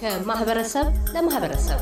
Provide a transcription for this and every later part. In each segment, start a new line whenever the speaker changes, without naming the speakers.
ከማህበረሰብ ለማህበረሰብ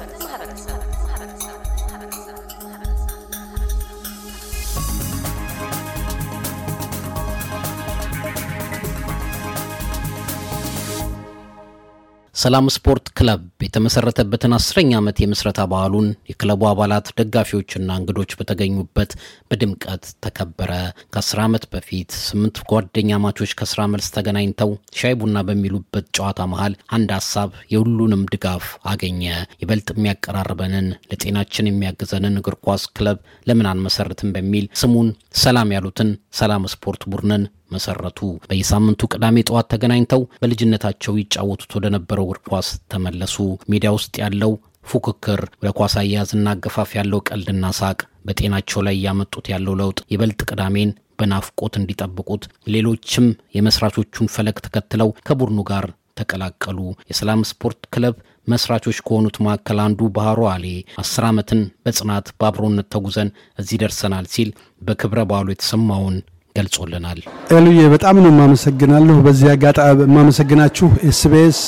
ሰላም ስፖርት ክለብ የተመሰረተበትን አስረኛ ዓመት የምስረታ በዓሉን የክለቡ አባላት ደጋፊዎችና እንግዶች በተገኙበት በድምቀት ተከበረ። ከ10 ዓመት በፊት ስምንት ጓደኛ ማቾች ከስራ መልስ ተገናኝተው ሻይ ቡና በሚሉበት ጨዋታ መሃል አንድ ሀሳብ የሁሉንም ድጋፍ አገኘ። ይበልጥ የሚያቀራርበንን ለጤናችን የሚያግዘንን እግር ኳስ ክለብ ለምን አንመሰርትም በሚል ስሙን ሰላም ያሉትን ሰላም ስፖርት ቡድንን መሰረቱ። በየሳምንቱ ቅዳሜ ጠዋት ተገናኝተው በልጅነታቸው ይጫወቱት ወደነበረው እግር ኳስ ተመለሱ። ሚዲያ ውስጥ ያለው ፉክክር ወደ ኳስ አያያዝና አገፋፍ ያለው ቀልድና ሳቅ በጤናቸው ላይ እያመጡት ያለው ለውጥ ይበልጥ ቅዳሜን በናፍቆት እንዲጠብቁት ሌሎችም የመስራቾቹን ፈለግ ተከትለው ከቡድኑ ጋር ተቀላቀሉ። የሰላም ስፖርት ክለብ መስራቾች ከሆኑት መካከል አንዱ ባህሮ አሌ አስር ዓመትን በጽናት በአብሮነት ተጉዘን እዚህ ደርሰናል ሲል በክብረ በዓሉ የተሰማውን ገልጾልናል።
ኤሉዬ በጣም ነው የማመሰግናለሁ። በዚህ አጋጣ የማመሰግናችሁ ኤስቢኤስ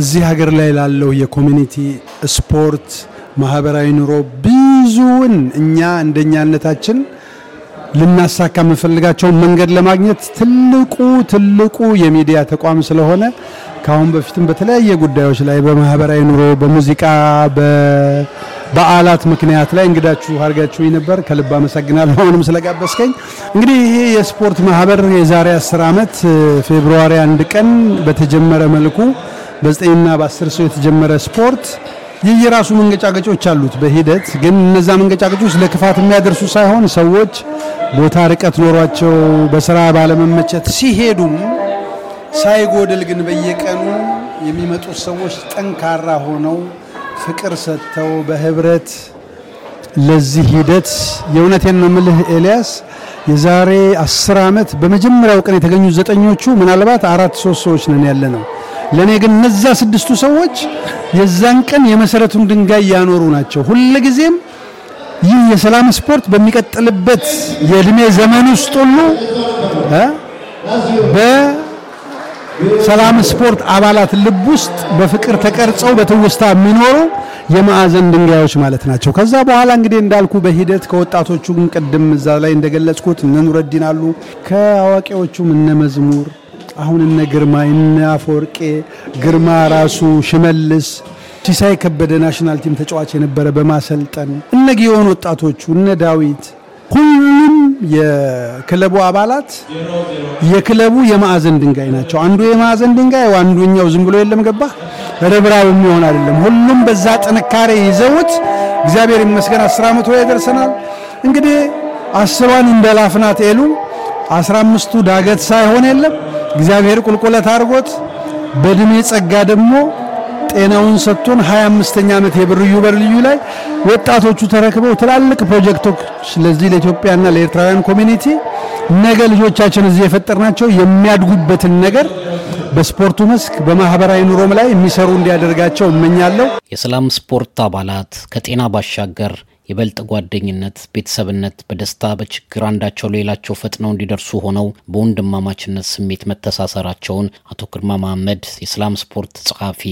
እዚህ ሀገር ላይ ላለው የኮሚኒቲ ስፖርት፣ ማህበራዊ ኑሮ ብዙውን እኛ እንደኛነታችን ልናሳካ የምንፈልጋቸውን መንገድ ለማግኘት ትልቁ ትልቁ የሚዲያ ተቋም ስለሆነ ከአሁን በፊትም በተለያየ ጉዳዮች ላይ በማህበራዊ ኑሮ፣ በሙዚቃ፣ በበዓላት ምክንያት ላይ እንግዳችሁ አድርጋችሁ ነበር። ከልብ አመሰግናለሁ አሁንም ስለጋበዝከኝ። እንግዲህ ይሄ የስፖርት ማህበር የዛሬ 10 ዓመት ፌብርዋሪ አንድ ቀን በተጀመረ መልኩ በዘጠኝና በአስር ሰው የተጀመረ ስፖርት የየራሱ መንገጫገጫዎች መንገጫገጮች አሉት። በሂደት ግን እነዛ መንገጫገጮች ለክፋት የሚያደርሱ ሳይሆን ሰዎች ቦታ ርቀት ኖሯቸው በስራ ባለመመቸት ሲሄዱም ሳይጎድል ግን በየቀኑ የሚመጡት ሰዎች ጠንካራ ሆነው ፍቅር ሰጥተው በህብረት ለዚህ ሂደት የእውነቴን ነው ምልህ ኤልያስ፣ የዛሬ አስር ዓመት በመጀመሪያው ቀን የተገኙት ዘጠኞቹ ምናልባት አራት ሶስት ሰዎች ነን ያለ ነው። ለእኔ ግን እነዛ ስድስቱ ሰዎች የዛን ቀን የመሰረቱን ድንጋይ ያኖሩ ናቸው። ሁልጊዜም ይህ የሰላም ስፖርት በሚቀጥልበት የእድሜ ዘመን ውስጥ ሁሉ በሰላም ስፖርት አባላት ልብ ውስጥ በፍቅር ተቀርጸው በትውስታ የሚኖሩ የማዕዘን ድንጋዮች ማለት ናቸው። ከዛ በኋላ እንግዲህ እንዳልኩ በሂደት ከወጣቶቹ ቅድም እዛ ላይ እንደገለጽኩት እነ ኑረዲን አሉ፣ ከአዋቂዎቹም እነ መዝሙር አሁን እነ ግርማ እነ አፈወርቄ ግርማ ራሱ ሽመልስ ሲሳይ ከበደ ናሽናል ቲም ተጫዋች የነበረ በማሰልጠን እነ ጊዮን ወጣቶቹ እነ ዳዊት ሁሉም የክለቡ አባላት የክለቡ የማዕዘን ድንጋይ ናቸው። አንዱ የማዕዘን ድንጋይ አንዱኛው ዝም ብሎ የለም ገባ ረብራብ የሚሆን አይደለም። ሁሉም በዛ ጥንካሬ ይዘውት እግዚአብሔር ይመስገን አስር ዓመት ላይ ደርሰናል። እንግዲህ አስሯን እንደ ላፍናት ኤሉ አስራ አምስቱ ዳገት ሳይሆን የለም እግዚአብሔር ቁልቁለት አድርጎት በእድሜ ጸጋ ደግሞ ጤናውን ሰጥቶን 25ኛ ዓመት የብር ኢዮቤልዩ ላይ ወጣቶቹ ተረክበው ትላልቅ ፕሮጀክቶች ስለዚህ ለኢትዮጵያና ለኤርትራውያን ኮሚኒቲ ነገ ልጆቻችን እዚህ የፈጠርናቸው የሚያድጉበትን ነገር
በስፖርቱ መስክ በማህበራዊ ኑሮም ላይ የሚሰሩ እንዲያደርጋቸው እመኛለሁ። የሰላም ስፖርት አባላት ከጤና ባሻገር ይበልጥ ጓደኝነት፣ ቤተሰብነት፣ በደስታ በችግር አንዳቸው ሌላቸው ፈጥነው እንዲደርሱ ሆነው በወንድማማችነት ስሜት መተሳሰራቸውን አቶ ግርማ መሐመድ የሰላም ስፖርት ጸሐፊ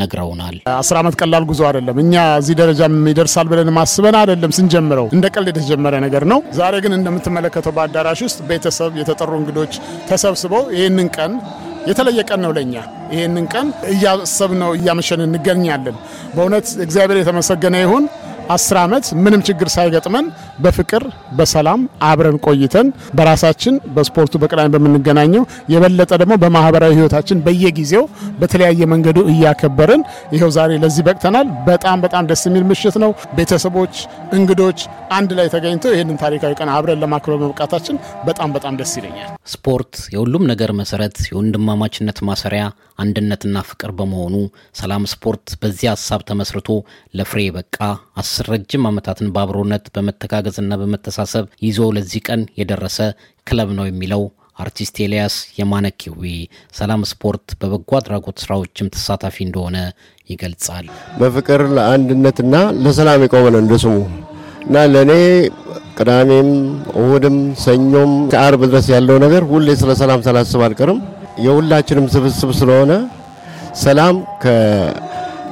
ነግረውናል።
አስር ዓመት ቀላል ጉዞ አይደለም። እኛ እዚህ ደረጃ ይደርሳል ብለን ማስበን አይደለም ስንጀምረው፣ እንደ ቀልድ የተጀመረ ነገር ነው። ዛሬ ግን እንደምትመለከተው በአዳራሽ ውስጥ ቤተሰብ፣ የተጠሩ እንግዶች ተሰብስበው ይህንን ቀን የተለየ ቀን ነው ለእኛ። ይህንን ቀን እያሰብነው እያመሸን እንገኛለን። በእውነት እግዚአብሔር የተመሰገነ ይሁን። አስር ዓመት ምንም ችግር ሳይገጥመን በፍቅር በሰላም አብረን ቆይተን በራሳችን በስፖርቱ በቅዳሜ በምንገናኘው የበለጠ ደግሞ በማህበራዊ ህይወታችን በየጊዜው በተለያየ መንገዱ እያከበርን ይኸው ዛሬ ለዚህ በቅተናል። በጣም በጣም ደስ የሚል ምሽት ነው። ቤተሰቦች፣ እንግዶች አንድ ላይ ተገኝተው ይህንን ታሪካዊ ቀን አብረን ለማክበር መብቃታችን በጣም በጣም ደስ ይለኛል።
ስፖርት የሁሉም ነገር መሰረት፣ የወንድማማችነት ማሰሪያ፣ አንድነትና ፍቅር በመሆኑ ሰላም ስፖርት በዚህ ሀሳብ ተመስርቶ ለፍሬ በቃ አስር ረጅም ዓመታትን በአብሮነት በመተጋገ በመተጋገዝና በመተሳሰብ ይዞ ለዚህ ቀን የደረሰ ክለብ ነው የሚለው አርቲስት ኤልያስ የማነኪዊ ሰላም ስፖርት በበጎ አድራጎት ስራዎችም ተሳታፊ እንደሆነ ይገልጻል።
በፍቅር ለአንድነትና ለሰላም የቆመ ነው እንደ ስሙ እና ለእኔ ቅዳሜም፣ እሁድም፣ ሰኞም ከአርብ ድረስ ያለው ነገር ሁሌ ስለ ሰላም ሳላስብ አልቀርም። የሁላችንም ስብስብ ስለሆነ ሰላም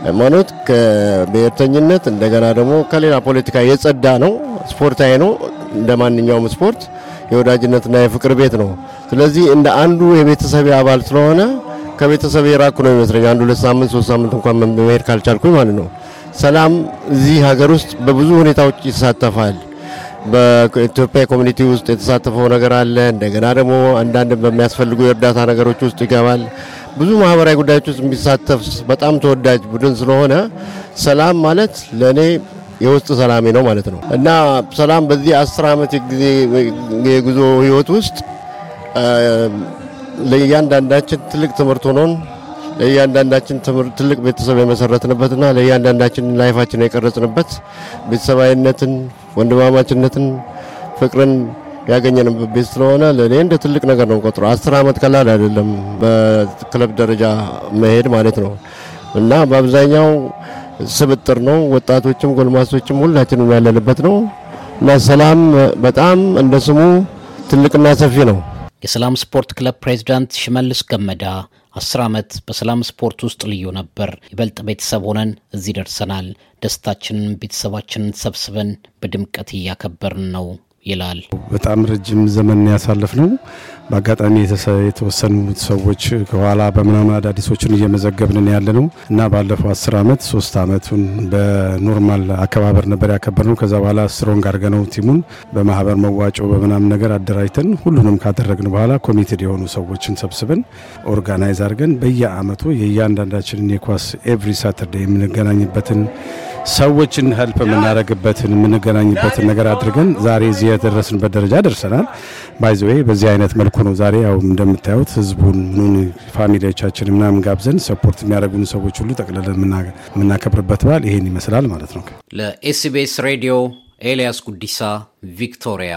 ሃይማኖት ከብሔርተኝነት እንደገና ደግሞ ከሌላ ፖለቲካ የጸዳ ነው። ስፖርታዊ ነው። እንደ ማንኛውም ስፖርት የወዳጅነትና የፍቅር ቤት ነው። ስለዚህ እንደ አንዱ የቤተሰብ አባል ስለሆነ ከቤተሰብ የራኩ ነው ይመስለኝ። አንድ ሁለት ሳምንት ሶስት ሳምንት እንኳን መሄድ ካልቻልኩኝ ማለት ነው። ሰላም እዚህ ሀገር ውስጥ በብዙ ሁኔታዎች ይሳተፋል። በኢትዮጵያ ኮሚኒቲ ውስጥ የተሳተፈው ነገር አለ። እንደገና ደግሞ አንዳንድ በሚያስፈልጉ የእርዳታ ነገሮች ውስጥ ይገባል። ብዙ ማህበራዊ ጉዳዮች ውስጥ የሚሳተፍ በጣም ተወዳጅ ቡድን ስለሆነ ሰላም ማለት ለእኔ የውስጥ ሰላሜ ነው ማለት ነው እና ሰላም በዚህ አስር ዓመት ጊዜ የጉዞ ህይወት ውስጥ ለእያንዳንዳችን ትልቅ ትምህርት ሆኖን ለእያንዳንዳችን ትልቅ ቤተሰብ የመሰረትንበትና ለእያንዳንዳችን ላይፋችን የቀረጽንበት ቤተሰባዊነትን፣ ወንድማማችነትን፣ ፍቅርን ያገኘንበት ቤት ስለሆነ ለእኔ እንደ ትልቅ ነገር ነው ቆጥሮ አስር ዓመት ቀላል አይደለም በክለብ ደረጃ መሄድ ማለት ነው እና በአብዛኛው ስብጥር ነው። ወጣቶችም ጎልማሶችም ሁላችንም ያለንበት ነው እና ሰላም በጣም እንደ ስሙ ትልቅና ሰፊ ነው።
የሰላም ስፖርት ክለብ ፕሬዚዳንት ሽመልስ ገመዳ አስር ዓመት በሰላም ስፖርት ውስጥ ልዩ ነበር። ይበልጥ ቤተሰብ ሆነን እዚህ ደርሰናል። ደስታችንን ቤተሰባችንን ሰብስበን በድምቀት እያከበርን ነው ይላል።
በጣም ረጅም ዘመን ያሳለፍ ነው በአጋጣሚ የተወሰኑ ሰዎች ከኋላ በምናምን አዳዲሶችን እየመዘገብንን ያለ ነው እና ባለፈው አስር ዓመት ሶስት ዓመቱን በኖርማል አከባበር ነበር ያከበርነው። ከዛ በኋላ ስትሮንግ አድርገነው ቲሙን በማህበር መዋጮ በምናምን ነገር አደራጅተን ሁሉንም ካደረግን በኋላ ኮሚትድ የሆኑ ሰዎችን ሰብስበን ኦርጋናይዝ አድርገን በየአመቱ የእያንዳንዳችንን የኳስ ኤቭሪ ሳተርዴ የምንገናኝበትን ሰዎችን ህልፕ የምናደርግበትን የምንገናኝበትን ነገር አድርገን ዛሬ እዚህ የደረስንበት ደረጃ ደርሰናል። ባይዘዌ በዚህ አይነት መልኩ ነው ዛሬ ያው እንደምታዩት ህዝቡን ምኑን ፋሚሊዎቻችን ምናምን ጋብዘን ሰፖርት የሚያደርጉን ሰዎች ሁሉ ጠቅልለን የምናከብርበት በዓል ይሄን ይመስላል ማለት ነው።
ለኤስቢኤስ ሬዲዮ ኤልያስ ጉዲሳ ቪክቶሪያ